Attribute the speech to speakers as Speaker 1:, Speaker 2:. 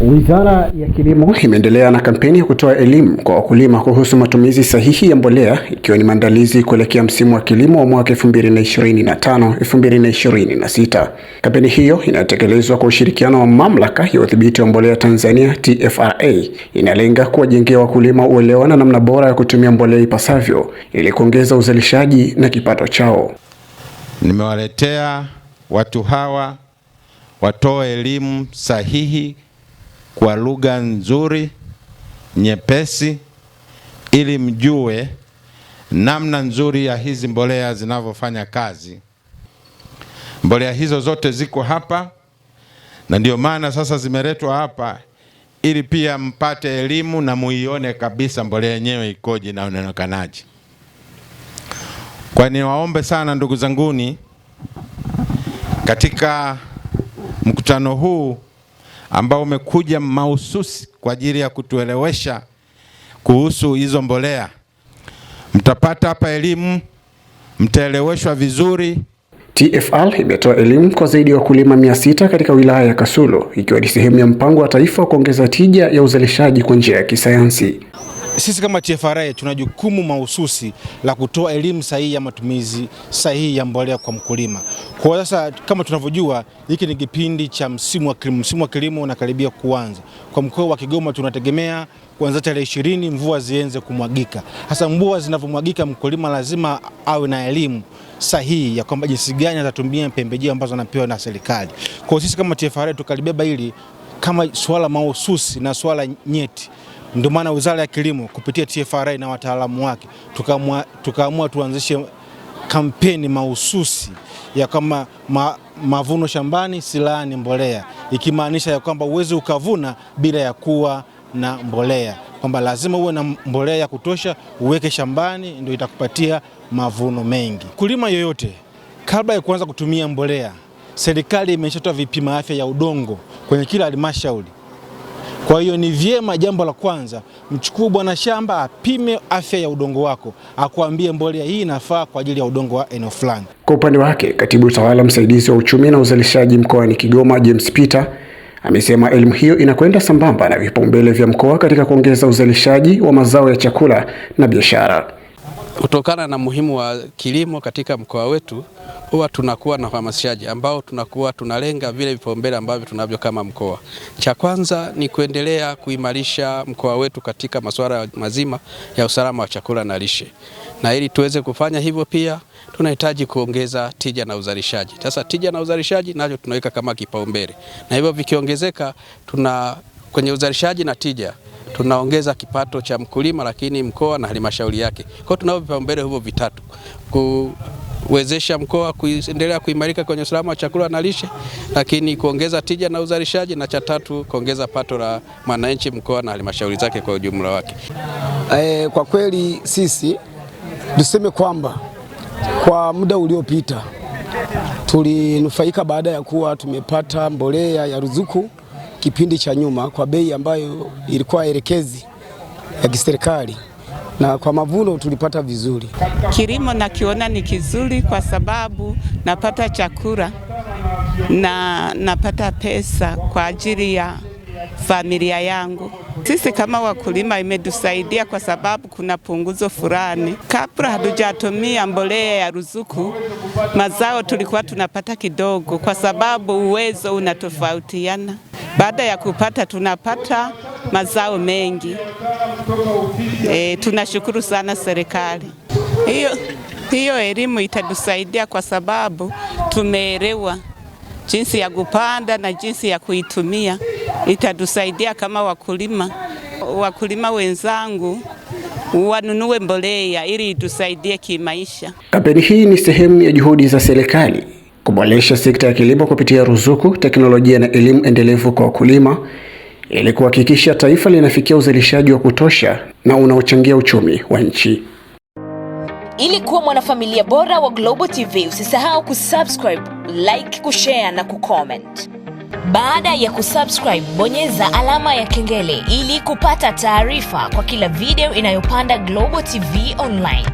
Speaker 1: Wizara ya Kilimo imeendelea na kampeni ya kutoa elimu kwa wakulima kuhusu matumizi sahihi ya mbolea ikiwa ni maandalizi kuelekea msimu wa kilimo wa mwaka 2025 2026. Kampeni hiyo inayotekelezwa kwa ushirikiano wa Mamlaka ya Udhibiti wa Mbolea Tanzania TFRA inalenga kuwajengea wakulima uelewa na namna bora ya kutumia mbolea ipasavyo ili kuongeza uzalishaji na kipato chao.
Speaker 2: Nimewaletea watu hawa watoe elimu sahihi kwa lugha nzuri nyepesi, ili mjue namna nzuri ya hizi mbolea zinavyofanya kazi. Mbolea hizo zote ziko hapa na ndio maana sasa zimeletwa hapa ili pia mpate elimu na muione kabisa mbolea yenyewe ikoje na unaonekanaje. Kwa niwaombe sana ndugu zanguni, katika mkutano huu ambao umekuja mahususi kwa ajili ya kutuelewesha kuhusu hizo mbolea. Mtapata hapa elimu, mtaeleweshwa vizuri.
Speaker 1: tfl imetoa elimu kwa zaidi ya wakulima mia sita katika wilaya ya Kasulu ikiwa ni sehemu ya mpango wa taifa wa kuongeza tija ya uzalishaji kwa njia ya kisayansi.
Speaker 3: Sisi kama TFRA tuna jukumu mahususi la kutoa elimu sahihi ya matumizi sahihi ya mbolea kwa mkulima. Kwa sasa kama tunavyojua, hiki ni kipindi cha msimu wa kilimo. Msimu wa kilimo unakaribia kuanza. Kwa mkoa wa Kigoma tunategemea kuanzia tarehe ishirini mvua zianze kumwagika. Hasa mvua zinavyomwagika, mkulima lazima awe na elimu sahihi ya kwamba jinsi gani atatumia pembejeo ambazo anapewa na serikali. Kwa sisi kama TFRA tukalibeba hili kama swala mahususi na swala nyeti ndio maana Wizara ya Kilimo kupitia TFRA na wataalamu wake tukaamua tuanzishe kampeni mahususi ya kama ma, mavuno shambani silaha ni mbolea, ikimaanisha ya kwamba uwezi ukavuna bila ya kuwa na mbolea, kwamba lazima uwe na mbolea ya kutosha uweke shambani, ndio itakupatia mavuno mengi. Kulima yoyote kabla ya kuanza kutumia mbolea, serikali imeshatoa vipima afya ya udongo kwenye kila halmashauri. Kwa hiyo ni vyema, jambo la kwanza, mchukue bwana shamba apime afya ya udongo wako, akuambie mbolea hii inafaa kwa ajili ya udongo wa eneo fulani.
Speaker 1: Kwa upande wake, katibu tawala msaidizi wa uchumi na uzalishaji mkoani Kigoma James Peter amesema elimu hiyo inakwenda sambamba na vipaumbele vya mkoa katika kuongeza uzalishaji wa mazao ya chakula na biashara.
Speaker 4: Kutokana na muhimu wa kilimo katika mkoa wetu, huwa tunakuwa na uhamasishaji ambao tunakuwa tunalenga vile vipaumbele ambavyo tunavyo kama mkoa. Cha kwanza ni kuendelea kuimarisha mkoa wetu katika masuala mazima ya usalama wa chakula na lishe, na ili tuweze kufanya hivyo, pia tunahitaji kuongeza tija na uzalishaji. Sasa tija na uzalishaji nacho tunaweka kama kipaumbele, na hivyo vikiongezeka, tuna kwenye uzalishaji na tija tunaongeza kipato cha mkulima, lakini mkoa na halmashauri yake. Kwa hiyo tunao vipaumbele hivyo vitatu ku wezesha mkoa kuendelea kuimarika kwenye usalama wa chakula na lishe, lakini kuongeza tija na uzalishaji, na cha tatu kuongeza pato la mwananchi mkoa na halmashauri zake kwa ujumla wake.
Speaker 5: E, kwa kweli sisi tuseme kwamba kwa muda uliopita tulinufaika baada ya kuwa tumepata mbolea ya ruzuku kipindi cha nyuma kwa bei ambayo ilikuwa elekezi ya kiserikali na kwa mavuno tulipata vizuri.
Speaker 6: Kilimo nakiona ni kizuri kwa sababu napata chakula na napata pesa kwa ajili ya familia yangu. Sisi kama wakulima imetusaidia kwa sababu kuna punguzo fulani. Kabla hatujatumia mbolea ya ruzuku, mazao tulikuwa tunapata kidogo, kwa sababu uwezo unatofautiana. Baada ya kupata tunapata mazao mengi e, tunashukuru sana serikali hiyo. Hiyo elimu itatusaidia kwa sababu tumeelewa jinsi ya kupanda na jinsi ya kuitumia, itatusaidia kama wakulima. Wakulima wenzangu wanunue mbolea ili itusaidie kimaisha.
Speaker 1: Kampeni hii ni sehemu ya juhudi za serikali kuboresha sekta ya kilimo kupitia ruzuku, teknolojia na elimu endelevu kwa wakulima ili kuhakikisha taifa linafikia uzalishaji wa kutosha na unaochangia uchumi wa nchi. Ili kuwa mwanafamilia bora wa Global TV, usisahau kusubscribe, like, kushare na kucomment. Baada ya kusubscribe, bonyeza alama ya kengele ili kupata taarifa kwa kila video inayopanda Global TV Online.